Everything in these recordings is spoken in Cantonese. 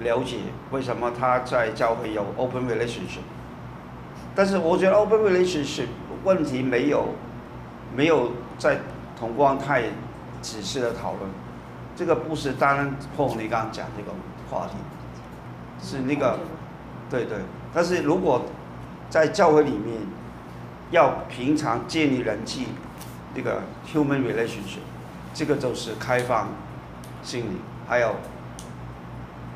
了解為什麼他在教會有 open relationship，但是我覺得 open relationship 問題沒有沒有在同光太仔細的討論，這個不是單單碰你剛講那個話題，是那個，對對，但是如果在教會裏面要平常建立人際，那個 human relationship，這個就是開放心理，還有。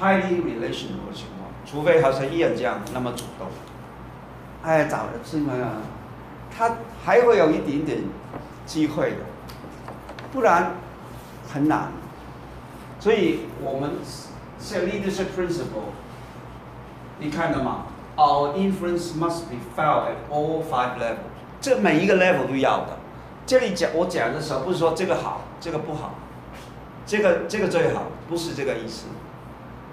highly relational 的情況，除非好像依然這樣，那麼主動哎，誒，早日先啦，他還會有一點點機會的，不然很難。所以我們是 leadership principle，你看到嗎？our influence must be felt at all five levels。這每一個 level 都要的。這裏講，我講的時候，不是說這個好，這個不好，這個這個最好，不是這個意思。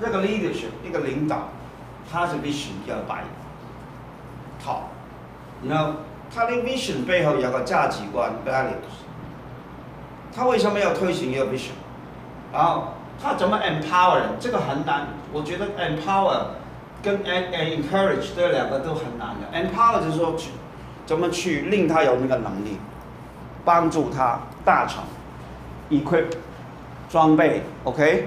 一個 leadership，一個領導，他有 vision 又擺託，然後他的 vision 背後有個價值觀 values。他為什麼要推行一個 vision？然後他怎麼 empower 人？這個很難，我覺得 empower 跟 encourage 這兩個都很難的。empower 就是說，怎麼去令他有那個能力，幫助他達成，equip 裝備，OK？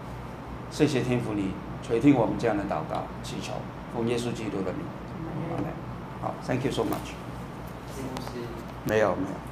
謝謝天父你垂聽我們這樣的禱告祈求，奉耶穌基督的名，阿們。好 Okay. Oh, Thank you so much 謝謝你。沒有沒有。